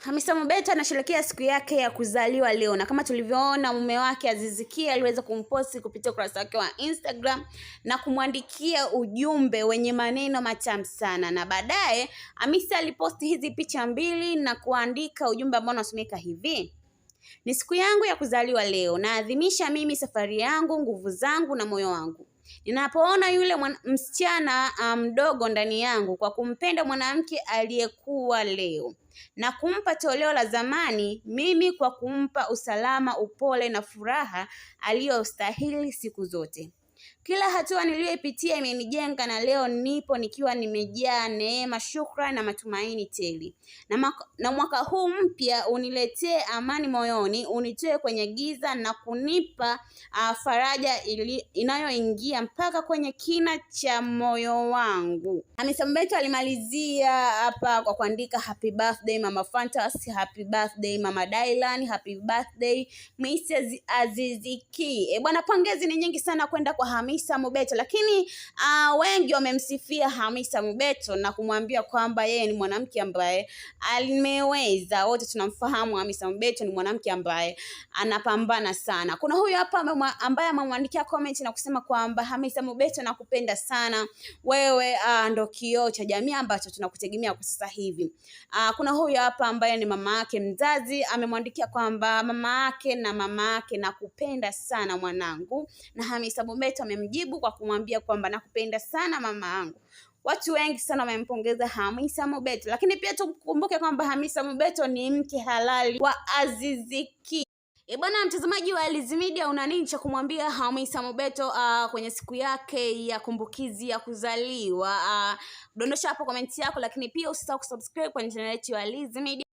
Hamisa mobeto anasherehekea siku yake ya kuzaliwa leo, na kama tulivyoona mume wake aziziki Ki aliweza kumposti kupitia ukurasa wake wa Instagram na kumwandikia ujumbe wenye maneno matamu sana, na baadaye Hamisa aliposti hizi picha mbili na kuandika ujumbe ambao unasomeka hivi: ni siku yangu ya kuzaliwa leo, naadhimisha mimi safari yangu, nguvu zangu na moyo wangu Ninapoona yule mwana, msichana ah, mdogo um, ndani yangu kwa kumpenda mwanamke aliyekuwa leo na kumpa toleo la zamani, mimi kwa kumpa usalama, upole na furaha aliyostahili siku zote. Kila hatua niliyoipitia imenijenga na leo nipo nikiwa nimejaa neema, shukrani na matumaini tele. Na, na mwaka huu mpya uniletee amani moyoni, unitoe kwenye giza na kunipa uh, faraja inayoingia mpaka kwenye kina cha moyo wangu. Hamisa Mobeto alimalizia hapa kwa kuandika happy birthday mama Fantasy, happy birthday mama Dylan, happy birthday Mrs Aziziki. E eh, bwana, pongezi ni nyingi sana kwenda kwa Hamisa Mobeto, lakini uh, wengi wamemsifia Hamisa Mobeto na kumwambia kwamba yeye ni mwanamke ambaye alimeweza. Wote tunamfahamu Hamisa Mobeto ni mwanamke ambaye anapambana sana. Kuna huyu hapa ambaye amemwandikia comment na kusema kwamba Hamisa Mobeto, nakupenda sana wewe, uh, ndo kioo cha jamii ambacho tunakutegemea kwa sasa hivi. Uh, kuna huyu hapa ambaye ni mama yake mzazi amemwandikia kwamba mama yake na mama yake nakupenda sana mwanangu, na Hamisa Mobeto Juliet amemjibu kwa kumwambia kwamba nakupenda sana mama yangu. Watu wengi sana wamempongeza Hamisa Mobeto, lakini pia tukumbuke kwamba Hamisa Mobeto ni mke halali wa Aziziki. E bwana mtazamaji wa Lizzy Media, una nini cha kumwambia Hamisa Mobeto uh, kwenye siku yake ya kumbukizi ya kuzaliwa? Uh, dondosha hapo komenti yako, lakini pia usisahau kusubscribe kwenye channel yetu ya Lizzy Media.